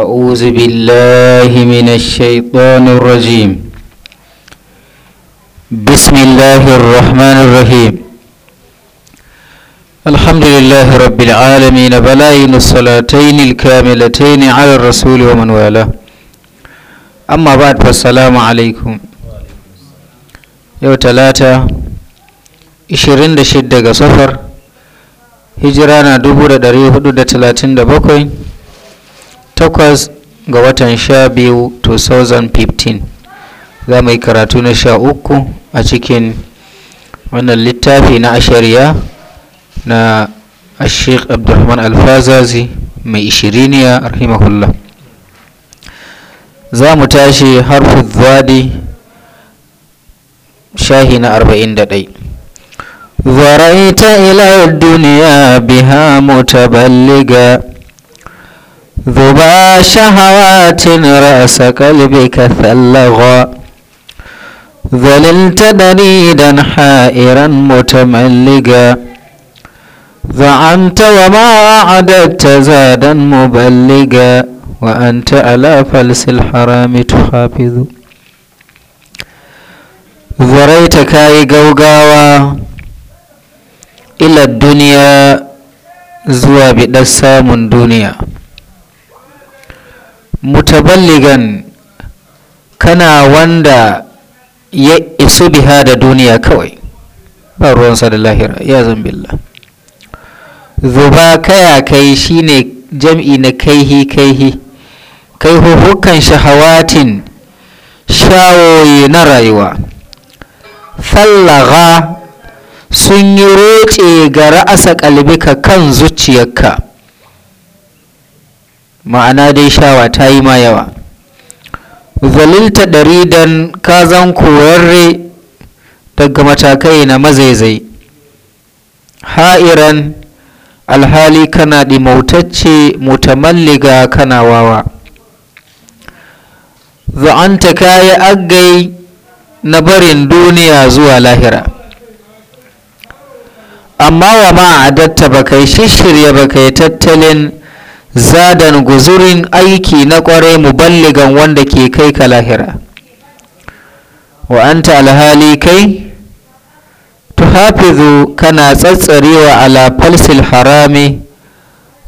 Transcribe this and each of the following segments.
أعوذ بالله من الشيطان الرجيم بسم الله الرحمن الرحيم الحمد لله رب العالمين بلاين الصلاتين الكاملتين على الرسول ومن والاه أما بعد فالسلام عليكم يوم ثلاثة هجرانا ga دريو hijira na دبوكوين takwas ga watan sha biyu 2015 za mu yi karatu na sha uku a cikin wannan littafi na ashariya na ashik abdulrahman alfazazi mai ishiriniya rahimahullah za mu tashi harfi zadi shahi na arba'in da ɗai ضريت إلى الدنيا بها متبلغا ذبا شهوات رأس قلبك ثلغا ذللت دريدا حائرا متملقا زعمت وما أعددت زادا مبلغا وأنت على فلس الحرام تحافظ ذريت كاي قوقاوا إلى الدنيا زوا بدسام دنيا mutaballigan kana wanda ya isu biha da duniya kawai ba ruwansa da lahira ya zambilla zuba kaya kai shine jam'i na kaihi kaihi kai huhukan shahawatin shawoyi na rayuwa fallaga sun yi roce ga ra'asa kalbika kan zuciyarka ma'ana dai shawa ta yi ma yawa zalilta daridan ka zan koyarre daga matakai na mazaizai ha'iran alhali kana ɗimautacce mutamalliga kana wawa za'anta kayi agai na barin duniya zuwa lahira amma wa ma'adatta ba kai shishirya ba kai tattalin zadan guzurin aiki na ƙwarai muballigan wanda ke kai ka lahira wa anta alhali kai tuhafizu kana tsatsarewa ala falsil harami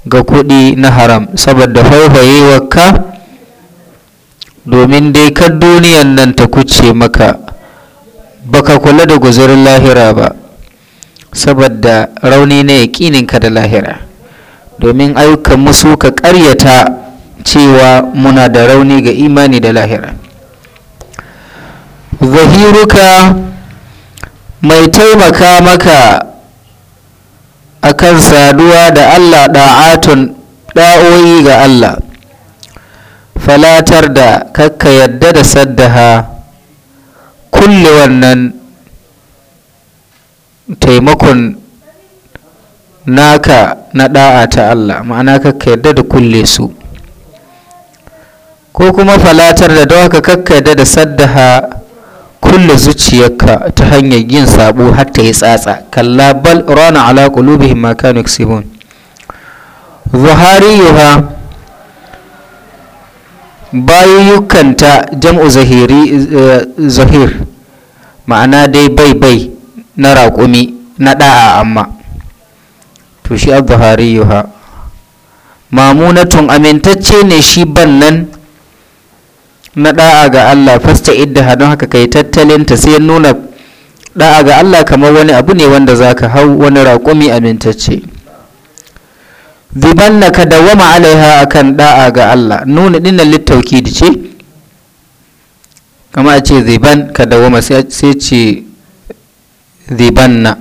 ga kuɗi na haram saboda faifayewa ka domin dai kar duniyan nan ta kuce maka baka kula da guzurin lahira ba saboda rauni na yaƙininka da lahira domin ayyukan musu ka ƙaryata cewa muna da rauni ga imani da lahira zahiruka mai taimaka maka akan saduwa da allah da'atun da'oyi ga allah falatar da kakka yadda da saddaha kulle wannan taimakon naka na da'a ta Allah ma'ana kakka yarda da kulle su ko kuma falatar da dawa ka kakka yarda da saddaha kulle zuciyarka ta hanyar yin sabo har ta yi tsatsa kalla bal rana ala qulubihim ma kanu yaksibun zuhariyuha bayuyukanta jam'u zahiri eh, zahir ma'ana dai bai bai na raƙumi na da'a amma to shi az ha. yuha mamunatun amintacce ne shi bannan na da'a ga Allah fasta idda don haka kai tattalin ta sai nuna da'a ga Allah kamar wani abu ne wanda zaka hau wani raƙumi amintacce zibanna ka alaiha akan da'a ga Allah nuna dinnan littaukidi ce kama a ce ziban ka dawama sai ce zibanna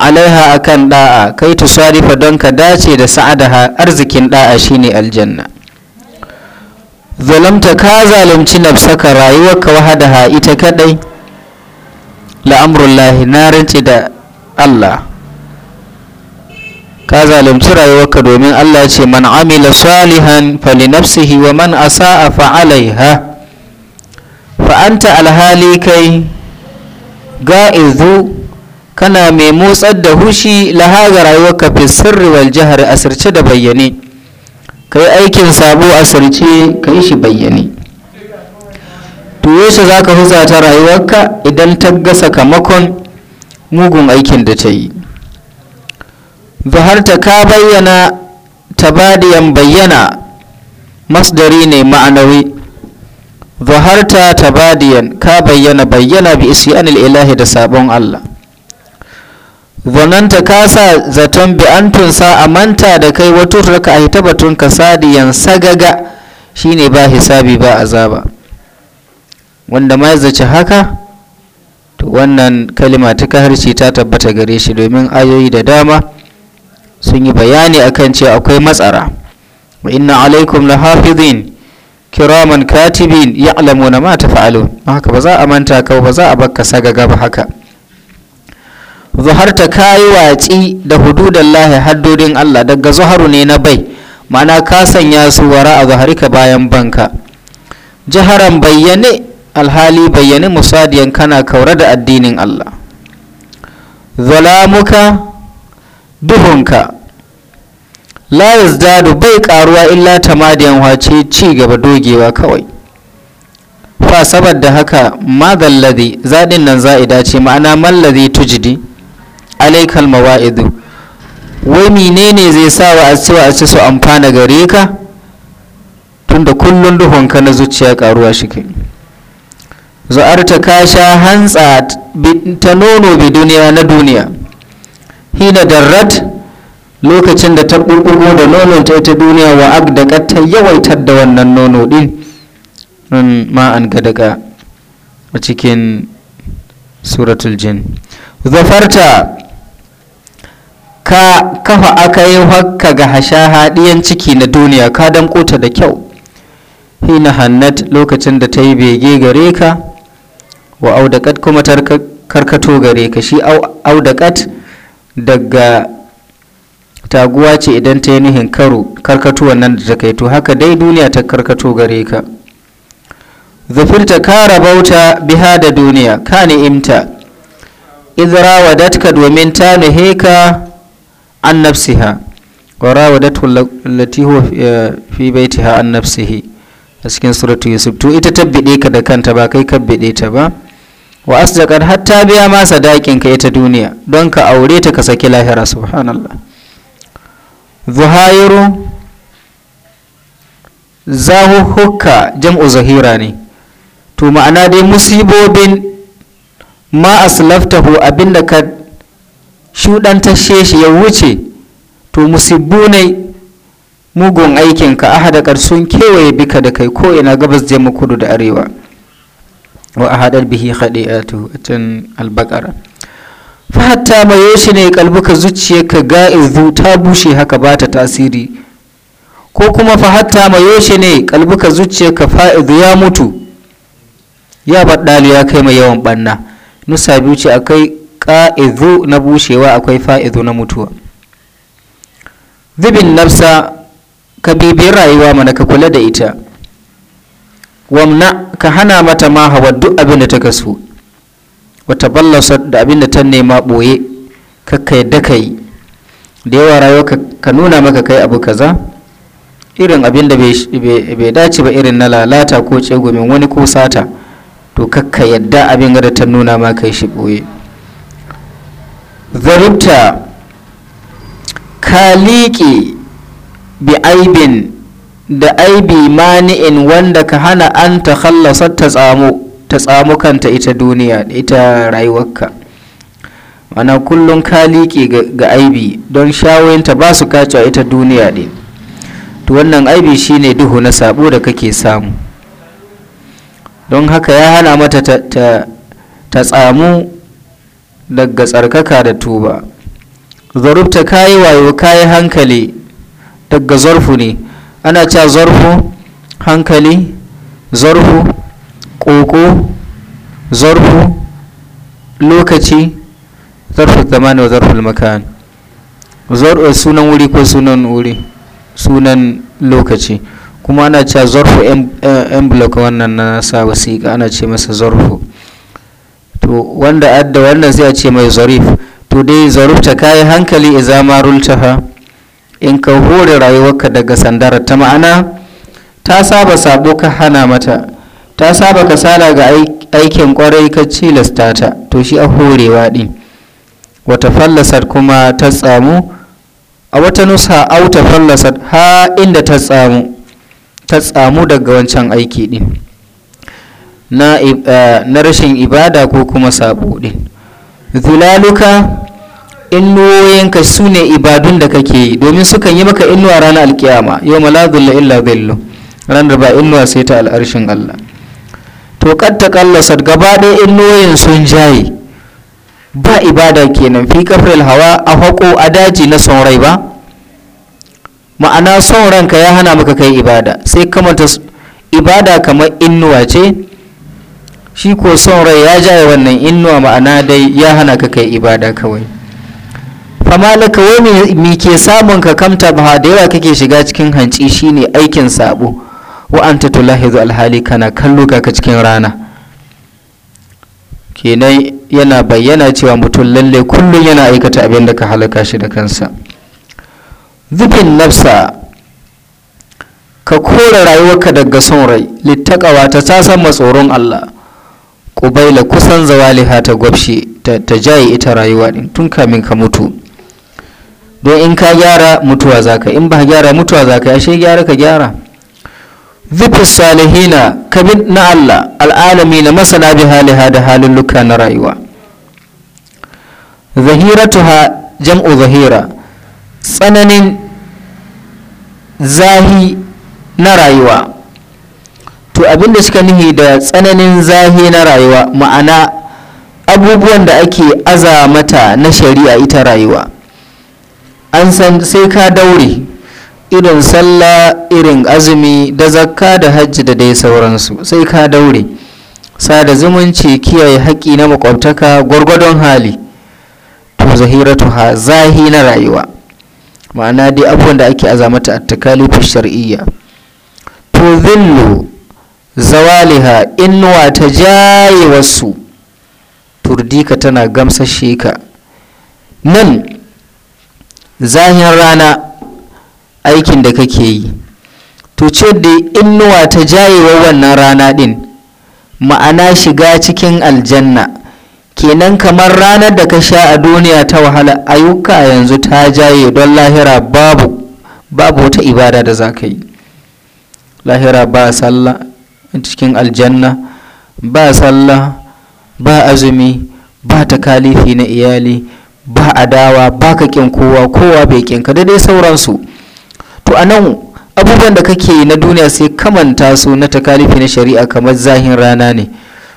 alaiha akan da'a kai tusarifa don ka dace da sa'adaha arzikin da'a shine aljanna zalamta ka zalunci nafsaka rayuwarka wahadaha ita kadai la'amrullahi na rance da Allah ka zalunci rayuwarka domin Allah ce man amila salihan fali nafsihi wa man asa'a fa alaiha fa anta alhali kai ga'izu kana mai motsar da hushi lahaga rayuwarka fi sirri wal jihar asirce da bayyane kai aikin sabo asirce ka yi shi bayyane to yaushe za ka huzata rayuwarka idan ta ga sakamakon mugun aikin da ta yi zaharta ka bayyana tabadiyan bayyana masdari ne ma'anawi zaharta tabadiyan ka bayyana bayyana bi isyanil ilahi da sabon Allah zananta ka sa zaton bi an tunsa a manta da kai wato raka a ta batun ka 'yan sagaga shine ba hisabi ba azaba wanda ma zace haka to wannan kalima ta harshe ta tabbata gare shi domin ayoyi da dama sun yi bayani akan cewa akwai matsara wa inna alaikum hafizin kiraman katibin ya'lamuna ma tafa'alun haka ba za a manta ka ba za a bakka sagaga ba haka Zuhar ta kayi watsi da hududan hududallahi haddodin Allah daga zuharu ne na bai ma'ana ka sanya su wara a zuharika bayan banka jaharan bayyane alhali bayyane musadiyan kana kaura da addinin Allah zalamuka duhunka la yazdadu bai karuwa illa tamadiyan wace ci gaba dogewa kawai fa saboda haka madalladi zadin nan za'ida ce ma'ana malladi tujidi alaikal mawa'idu wai menene zai sa wa a wa a ci su amfana gare ka tunda kullun duhunka na zuciya karuwa shi ke. Zu'ar ta kasha hantsa ta nono bi duniya na duniya hina darrat lokacin da ta ɓurɓurgo da nonon ta ita duniya wa agdaƙa ta yawaitar da wannan nono ɗin nan ma an gadaka a cikin suratul jin zafarta ka kafa aka yi hakka ga hashaha ɗiyan ciki na duniya ka damƙota da kyau hina hannat lokacin da ta yi bege gare ka wa audakat kuma ta karkato gare ka shi audakat daga taguwa ce idan ta yi nihin karo karkato wannan da ta kai to haka dai duniya ta karkato gare ka zafirta kara bauta biha da duniya ka ni'imta idra wadatka domin ta nuhe ka an nafsiha wa rawadatu allati huwa eh, fi ha an nafsihi a cikin suratu yusuf to ita tabbide ka da kanta ba kai kabbide ta ba wa har hatta biya ma sadakin ka ita duniya don ka aure ta ka saki lahira subhanallah zuhairu zahuhukka jam'u zahira ne to ma'ana dai musibobin ma'as aslaftahu abinda ka shuɗantashe shi ya wuce to musibbu ne mugun aikinka ahadakar ƙarsun kewaye bika da kai ko ina gabas jemu kudu da arewa wa ahadar bihi khadi'atu tun albaqara fa hatta mayo ne kalbuka zuciyarka zu ta bushe haka ba ta tasiri ko kuma fa hatta mayo ne kalbuka zuciyarka fa'izu ya mutu ya baddali ya kai mai yawan banna nusa biyu ce akai faizu na bushewa akwai fa'izu na mutuwa zubin nafsa ka bibiyar rayuwa mana ka kula da ita wamna ka hana mata ma hawa duk abin da ta kasu wata ballasa da abin da ta nema ɓoye kakka da ka da yawa rayuwa ka nuna maka kai abu kaza irin abin da bai dace ba irin na lalata ko tsegumin wani ko sata to kakka yadda abin da ta nuna maka shi ɓoye zarubta ka liƙe bi aibin da aibi mani'in wanda ka hana an ta khallasa ta tsamu kanta ita duniya ita rayuwarka mana kullum ka liƙe ga aibi don shawayinta ba su kacewa ita duniya ɗin to wannan aibi shine duhu na sabo da kake samu don haka ya hana mata ta tsamu daga tsarkaka da tuba zarubta kayi wayo kayi hankali daga zarfu ne ana cewa zarfu hankali zarfu ƙoƙo zarfu lokaci zarfu zamani wa zarfu makan sunan wuri ko sunan wuri sunan lokaci kuma ana cewa zarfu eh, envelope wannan na sa wasiƙa ana ce masa zarfu to wanda adda wannan sai a ce mai zarif to dai zarufta kayi hankali idza ma rultaha in ka hore rayuwarka daga sandara ta ma'ana ta saba sabo ka hana mata ta saba kasala ga aikin kwarai ka cilasta ta to shi a horewa din wata fallasar kuma ta tsamu a wata nusa auta fallasar ha inda ta tsamu ta tsamu daga wancan aiki din Eh, na rashin ibada ko kuma sabo din zulaluka inuwoyinka su ne ibadun da kake yi domin sukan yi maka inuwa ranar alkiyama yau malazulla illa zillu ranar ba inuwa sai ta al'arshin allah to kadta kallasa gaba ɗaya inuwoyin sun jaye ba ibada kenan fi kafril hawa a haƙo a daji na son ba ma'ana son ranka ya hana maka kai ibada sai kamata ibada kamar innuwa ce shi ko son rai ya jaye wannan innuwa ma'ana dai ya hana ka kai ibada kawai famalaka wai me ke samun ka kamta ba da yawa kake shiga cikin hanci shine aikin sabo wa anta tulahizu alhali kana kallo ka cikin rana kenan yana bayyana cewa mutum lalle kullum yana aikata abin da ka halaka shi da kansa zubin nafsa ka kore rayuwarka daga son rai littakawa ta sasan matsoron Allah ƙubaila kusan zawaliha ta gwabshi ta jaye ita rayuwa ɗin tun kamin ka mutu don in ka gyara mutuwa zaka in ba gyara mutuwa zaka ashe gyara ka gyara zufi salihina kabin na Allah al'alami na masana bi haliha da halin luka na rayuwa zahiratuha jam'u zahira tsananin zahi na rayuwa to abinda da suka nihi da tsananin zahi na rayuwa ma'ana abubuwan da ake aza mata na shari'a ita rayuwa an san sai ka daure irin sallah irin azumi da zakka da hajji da dai sauransu sai ka daure sada zumunci kiyaye haƙƙi na makwabtaka gwargwadon hali to ha zahi na rayuwa ma'ana dai abubuwan da ake azamata a takalifin shar'iyya to zillu zawaliha inuwa ta jaye wasu turdika tana gamsashe ka nan zahin rana aikin da kake yi to ce da inuwa ta jayewa wannan rana din ma'ana shiga cikin aljanna kenan kamar ranar da ka sha a duniya ta wahala ayyuka yanzu ta jaye don lahira babu babu wata ibada da za ka yi lahira ba sallah cikin aljanna ba sallah ba azumi ba takalifi na iyali ba adawa ba ka kin kowa kowa bai kin ka dai sauransu to a nan abubuwan da kake na duniya sai kamanta su na takalifi na shari'a kamar zahin rana ne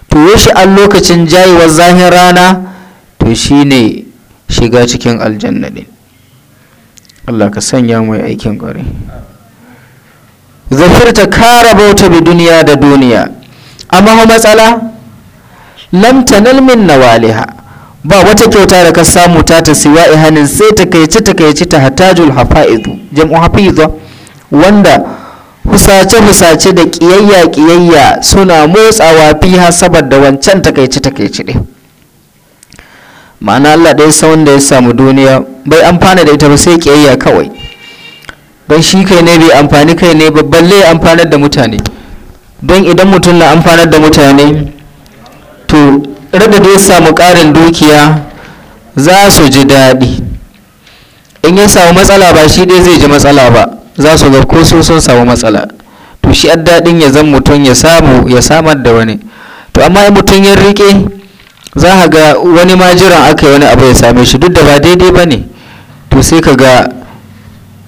to yashi an lokacin jayewar zahin rana to shine shiga cikin aljanna ne Allah ka sanya mai aikin gore. zafirta kara bauta bi duniya da duniya amma matsala lam tanal min nawaliha ba wata kyauta da ka samu ta ta siwa ihanin sai takaice takaice ta hatajul hafaizu jam'u hafiza wanda husace husace da kiyayya kiyayya suna motsawa fiha saboda wancan ta takaice takaice ne ma'ana Allah dai sa wanda ya samu duniya bai amfana da ita ba sai kiyayya kawai don shi kai ne bai amfani kai ne babban lai amfanar da mutane don idan mutum na amfanar da mutane to rada da ya samu karin dukiya za su ji daɗi in ya samu matsala ba shi dai zai ji matsala ba za su ga ko sun samu matsala to shi an daɗin ya zan mutum ya samu ya samar da wani to amma in mutum ya riƙe za ka ga wani ma jiran aka yi wani abu ya same shi duk da ba daidai ba ne to sai ka ga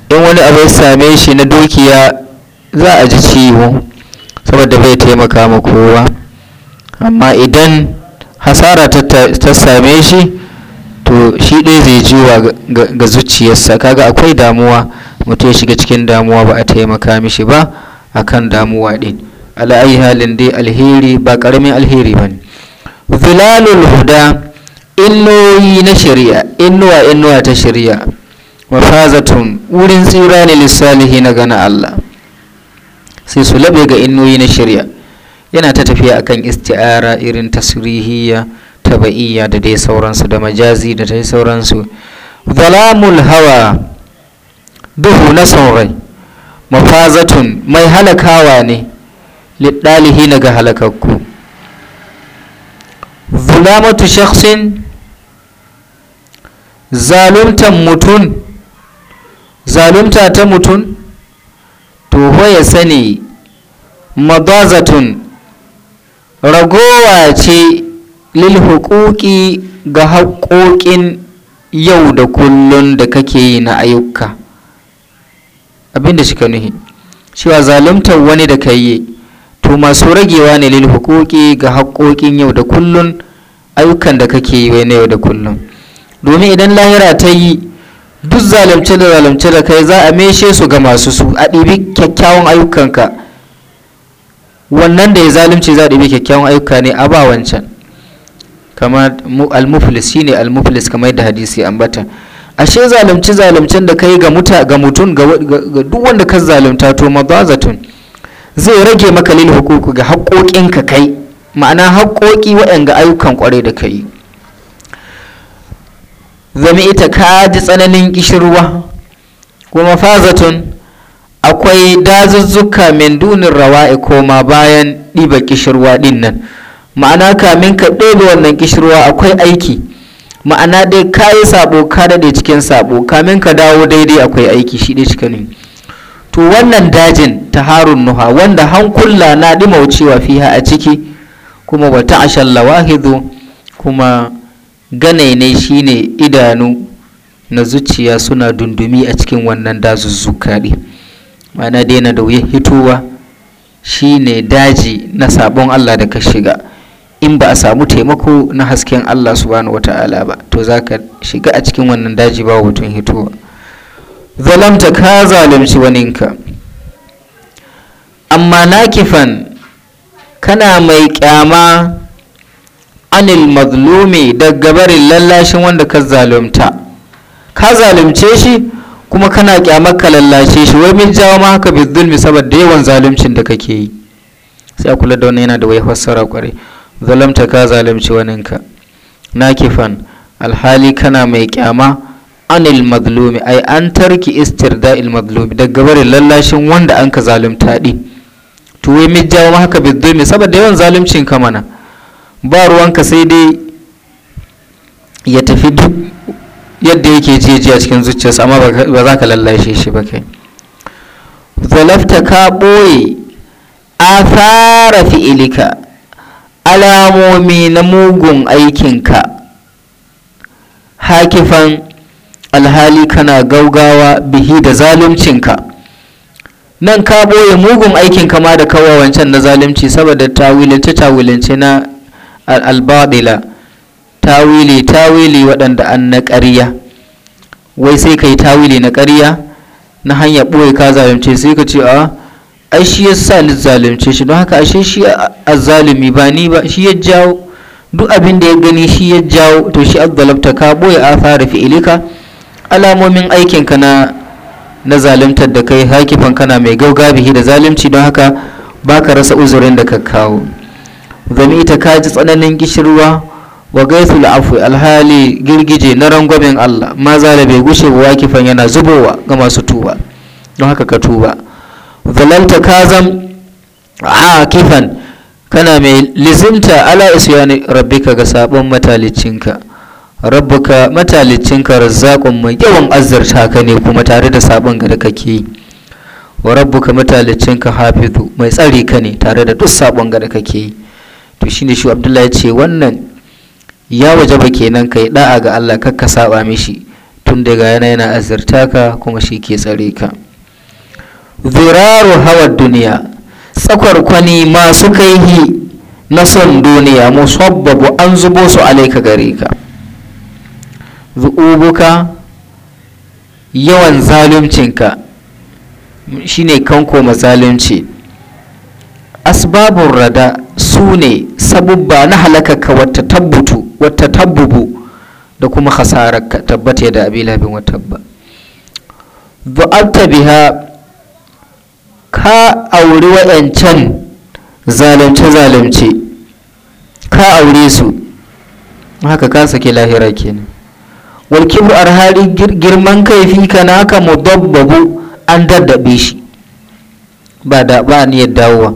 in wani abu ya same shi na dukiya za a ji ciwo saboda bai taimaka ma kowa amma idan hasara ta same shi to shi ɗaya zai jiwa ga zuciyarsa kaga akwai damuwa mutum ya shiga cikin damuwa ba a taimaka mishi ba akan damuwa ɗin ala'ayi halin dai alheri ba ƙaramin alheri ba ne zilalul huda illoyi na shari'a inuwa inuwa ta shari'a wafazatun wurin tsira ne lissalihi na gana Allah sai su labe ga innoyi na shirya yana ta tafiya akan isti'ara irin tasrihiyya taba'iyya da dai sauransu da majazi da dai sauransu zalamul hawa duhu na saurai mafazatun mai halakawa ne liɗalihi na ga halakakku zulamatu shakhsin zaluntan mutum zalunta ta mutum to ya sani madazatun ragowa ce lil hukuki ga haƙoƙin yau da kullun da kake yi na ayyuka abinda shi ka nuhi cewa zaluntar wani da ka yi to masu ragewa ne lil hukuki ga haƙoƙin yau da kullun ayyukan da kake yi na yau da kullun domin idan lahira ta yi duk zalunce da zalunce da kai za a meshe su ga masu su a ɗibi kyakkyawan ayyukanka wannan da ya zalimce za a ɗibi kyakkyawan ayyuka ne a ba wancan kamar almuflis shine almuflis kamar yadda hadisi ambata ashe zalimci zalimcin da kai ga muta ga mutum ga duk wanda ka zalunta to madazatun zai rage maka lil hukuku ga haƙoƙinka kai ma'ana haƙoƙi waɗanda ayyukan kware da kai zama ita ka ji tsananin kishirwa kuma fazatun akwai dazuzzuka min dunin rawa'i koma bayan ɗiba kishirwa ɗin nan ma'ana kamin ka ɗebe wannan kishirwa akwai aiki ma'ana dai ka yi sabo ka daɗe cikin sabo kamin ka dawo daidai akwai aiki shi dai cikin to wannan dajin ta harun nuha wanda hankula na ɗimaucewa fiha a ciki kuma wata ashallawahidu kuma ganaine shine idanu na zuciya suna dundumi a cikin wannan dazuzzuka ne ma'ana daina da wuyan hitowa shine daji na sabon Allah da ka shiga in ba a samu taimako na hasken Allah subhanahu wata'ala ba to za ka shiga a cikin wannan daji ba mutum hitowa zalamta ka zalunci waninka amma nakifan kana mai kyama anil mazlumi daga barin lallashin wanda ka zalumta ka zalumce shi kuma kana kyamar ka lallashe shi wai min jawo ma haka bizulmi saboda yawan zaluncin da kake yi sai a kula da wannan yana da wai fassara kware zalumta ka na waninka nakifan alhali kana mai kyama anil mazlumi ai an tarki istirda'il mazlumi daga gabarin lallashin wanda an ka zalunta din to wai min jawo ma haka bizulmi saboda yawan zaluncin ka mana ba ruwanka sai dai ya tafi duk yadda yake jeji a cikin zuciyarsa amma ba za ka lallashe shi ba kai zalafta ka ɓoye a fara fi'ilika alamomi na mugun aikinka hakifan alhali kana gaugawa bihi da zaluncinka nan ka ɓoye mugun aikinka ma da kawawancan na zalunci saboda tawilance-tawilance na al-batila tawili tawili waɗanda an na ƙariya wai sai ka yi tawili na ƙariya na hanya ɓoye ka zalunce sai ka ce a ai shi ya sa ni zalunce shi don haka ashe shi a zalumi ba ni ba shi ya jawo duk abin da ya gani shi ya jawo to shi azzalabta ka ɓoye a fara fi'ilika alamomin aikinka na na zalimtar da kai hakifan kana mai gaugabihi da zalimci don haka baka rasa uzurin da ka kawo zami ka kaji tsananin gishirwa wa gaisul afu alhali girgije na rangwamen Allah ma zala bai gushe wa wakifan yana zubowa ga masu tuba don haka ka tuba zalalta ka a kifan kana mai lizimta ala isyani rabbika ga sabon matalicinka rabbuka matalicinka razzaqun mai yawan azzarta ka ne kuma tare da sabon ga da kake wa rabbuka matalicinka hafizu mai tsari ka ne tare da duk sabon ga kake yi to shine shi abdullahi ya ce wannan ya wajaba kenan kai da'a ga Allah kar ka saba mishi tun daga yana yana azurta ka kuma shi ke tsare ka zuraru hawa duniya tsakwarkwani masu kaihi na son duniya musabbabu an zubo su alaika gare ka zu'ubuka yawan zaluncinka shine kanko mazalunci asbabun rada su ne sabubba na halakaka wata tabbutu wata tabbubu da kuma hasararka tabbata da abila bin wata ba ba'abta biha ka auri wa'yancan zalunce-zalunce ka aure su haka ka sake lahira kenan wal kibru girman kaifi ka mu dabbabu an daddabe shi ba da ba niyyar dawowa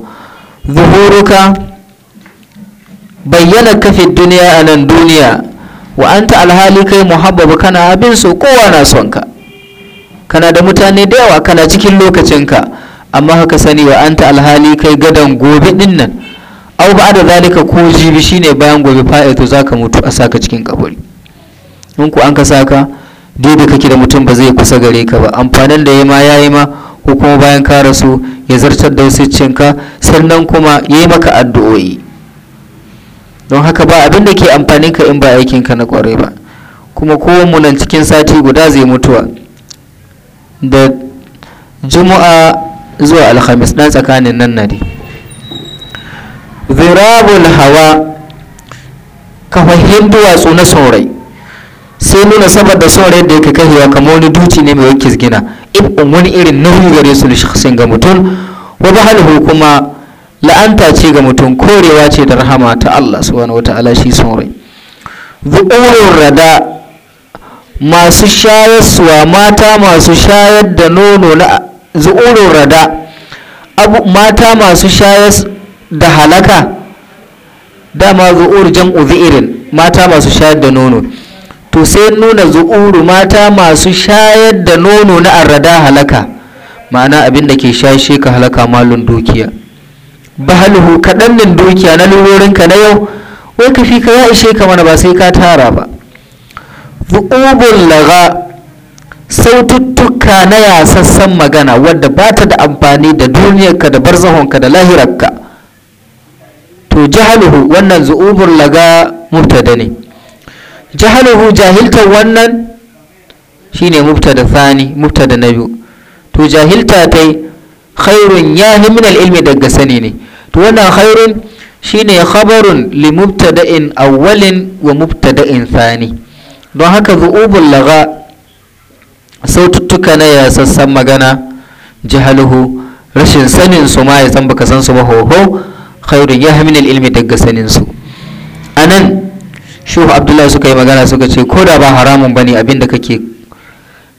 zuhuruka bayyana kafin duniya a nan duniya wa ta alhali kai muhabbabu kana abin so kowa na son ka kana da mutane da yawa kana cikin lokacinka amma haka sani wa ta alhali kai gadon gobe din nan au ba da zalika ko jibi shine bayan gobe fa'ito zaka mutu a saka cikin kaburi in ku an ka saka dole kake da mutum ba zai kusa gare ka ba amfanin da ya ma yayi ma ko kuma bayan ka rasu ya zartar da wasu sannan kuma yayi maka addu'o'i don haka ba abin da ke amfani ka in ba aikin ka na kwarai ba kuma kowanne nan cikin sati guda zai mutuwa da juma'a zuwa alhamis dan tsakanin nan na zirabul hawa kafahin duwatsu na saurai sai nuna saboda saurai da yake kahewa kamar wani duci ne mai wakis gina ibn wani irin nauyi gare su lishin ga mutum wa bahalhu kuma la'anta ce ga mutum korewa ce da rahama ta Allah subhanahu wata'ala shi sun rai zuɓurin rada masu shayarwa mata masu shayar da nono na zuɓurin rada abu mata masu shayar da halaka dama zu'ur jam'u zi'irin mata masu shayar da nono to sai nuna zuɓuru mata masu shayar da nono na arrada halaka ma'ana abin da ke shashe ka halaka malun dukiya bahaluhu kaɗan nan dukiya na lurorinka na yau wai ka fi ka ya ishe ka mana ba sai ka tara ba zu'ubun laga saututtuka na yasassan magana wadda ba ta da amfani da duniyarka da barzahonka da lahirarka to jahalhu wannan zu'ubun laga mubtada ne jahalhu jahiltar wannan shine mubtada thani mubtada na biyu to jahilta ta khairun ya min al-ilmi daga sani ne wana wannan khairun shine khabarun li mubtada'in awwalin wa mubtada'in thani don haka zu'ubul laga saututtuka na ya sassan magana jahaluhu rashin sanin su ma ya san baka san su ba hoho khairun ya haminil ilmi daga sanin su anan shuhu abdullahi suka yi magana suka ce ko da ba haramun bane abinda kake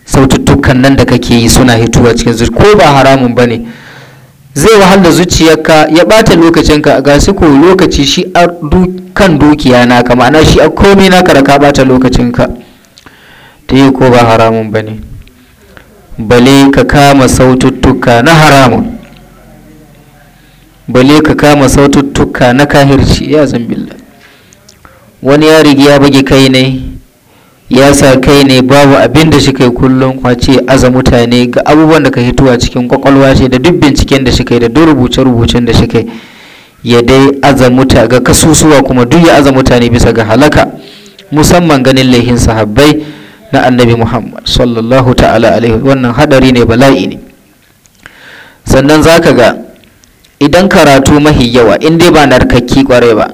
saututtukan nan da kake yi suna hituwa cikin zuci ko ba haramun bane zai wahal da zuciyarka ya ɓata lokacinka ga su ko lokaci shi a kan dukiya ka, ma'ana shi a komai naka da ka ɓata lokacinka ta yi ko ba haramun ba ne bale ka kama saututtuka na haramun bale ka kama saututtuka na kahirci ya zambilla wani ya rigi ya bage kai ne ya sa kai ne babu abin da shi kai kullum kwace aza mutane ga abubuwan da ka hituwa cikin kwakwalwa ce da duk binciken da shi kai da duk rubuce-rubucen da shi kai ya dai aza muta ga kasusuwa kuma duk ya aza mutane bisa ga halaka musamman ganin laihin sahabbai na annabi muhammad sallallahu ta'ala alaihi wannan hadari ne bala'i ne sannan za ka ga idan karatu mahi yawa in dai ba narkakki kwarai ba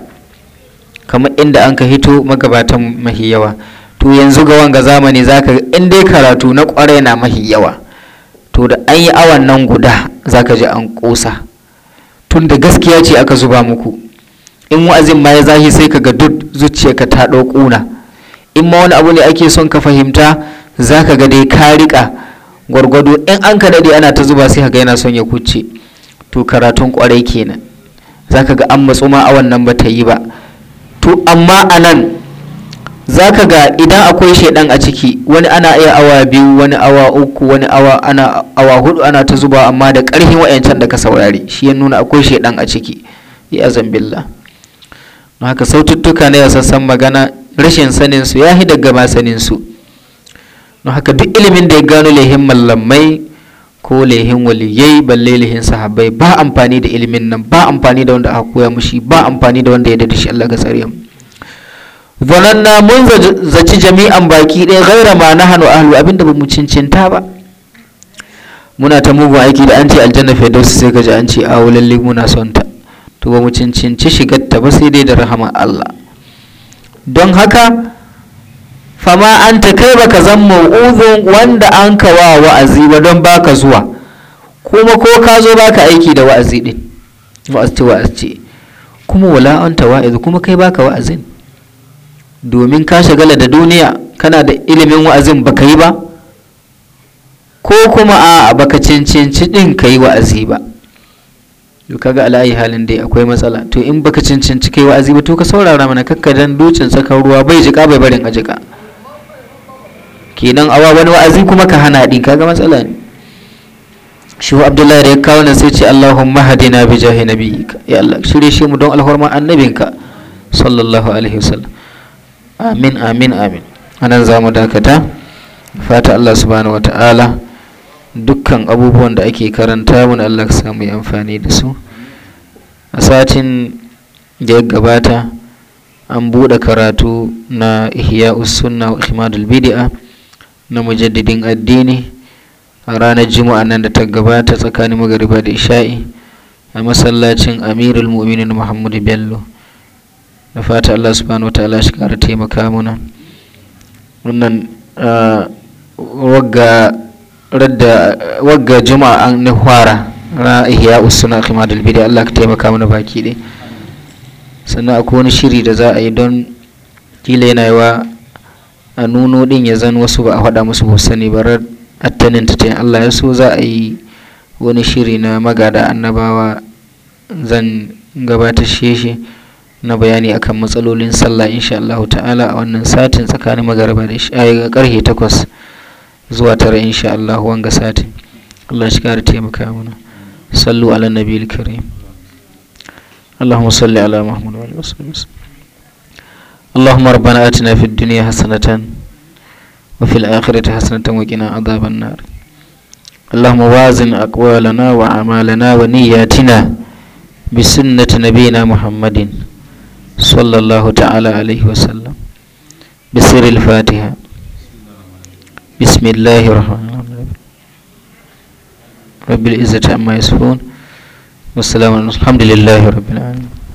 kamar inda an ka hito magabatan mahi yawa to yanzu ga wanga zamani zaka in dai karatu na kwarai na mahi yawa to da an yi awan nan guda zaka ji an kosa tun da gaskiya ce aka zuba muku in wa'azin ma ya zahi sai kaga ga duk zuciyarka ta ɗau ƙuna in ma wani abu ne ake son ka fahimta za ga dai ka riƙa gwargwado in an ka daɗe ana ta zuba sai kaga yana son ya kuce to karatun kwarai kenan za ga an matsuma awan nan ba ta yi ba to amma a nan za ka ga idan akwai shaidan a ciki wani ana iya awa biyu wani awa uku wani awa ana awa hudu ana ta zuba amma da ƙarfin wa'yancan da ka saurari shi ya nuna akwai shaidan a ciki ya zambilla na haka saututtuka na yasassan magana rashin sanin su ya daga ma sanin su na haka duk ilimin da ya gano lehin mallamai ko lehin waliyai balle lehin sahabbai ba amfani da ilimin nan ba amfani da wanda aka koya mushi ba amfani da wanda ya dade shi Allah ga mu. zananna mun zaci jami'an baki ɗaya gaira ma na hannu ahlu abinda ba mu cincinta ba muna ta mugun aiki da an ce aljanna firdausi sai gaji an ce awo lalle muna son ta to ba mu cincinci shigar ta ba sai dai da rahama Allah don haka fama an ta kai baka zan mau'uzun wanda an wa wa'azi ba don baka zuwa kuma ko ka zo baka aiki da wa'azi din wa'azi wa'azi kuma wala an ta kuma kai baka wa'azin domin ka shagala da duniya kana da ilimin wa'azin baka yi ba ko kuma a baka cancanci din ka yi wa'azi ba to kaga alayi halin dai akwai matsala to in baka cancanci kai wa'azi ba to ka saurara mana kakka dan ducin saka ruwa bai jika bai barin a jika kenan awa wani wa'azi kuma ka hana din kaga matsala ne shi wa abdullahi da ya kawo nan sai ce allahumma hadina bi jahi nabiyika ya allah shirye shi mu don alhorma annabinka sallallahu alaihi wasallam amin amin amin anan za mu dakata fata allah subhanahu wa ta'ala dukkan abubuwan da ake karanta mun allah ka samu yi amfani da su a satin da ya gabata an buɗe karatu na ihya sunna wa bid'a na mujaddidin addini a ranar juma'a nan da ta gabata tsakanin magariba da isha'i a masallacin amirul mu'minin muhammadu bello da fata Allah subhanahu wataala shi kara taimaka mana wannan wagga juma'a an fara na ihya usuna khimadul bidi Allah ka taimaka mana baki ɗaya sannan akwai wani shiri da za a yi don kila yana yawa a nuno din ya zan wasu ba a faɗa musu ba sani bar attanin ta Allah ya so za a yi wani shiri na magada annabawa zan gabatar shi na bayani akan matsalolin sallah insha Allah ta'ala a wannan satin tsakanin magaraba da shi a eh, karhe takwas zuwa tara insha Allah wanga satin Allah shi kare taimaka mana sallu ala nabiyil karim اللهم صل على محمد وعلى اله اللهم ربنا آتنا في الدنيا حسنة وفي الآخرة حسنة وقنا عذاب النار اللهم وازن أقوالنا وأعمالنا ونياتنا بسنة نبينا محمد صلى الله تعالى عليه وسلم بسر الفاتحة بسم الله الرحمن الرحيم رب العزة عما يصفون والسلام عليكم الحمد لله رب العالمين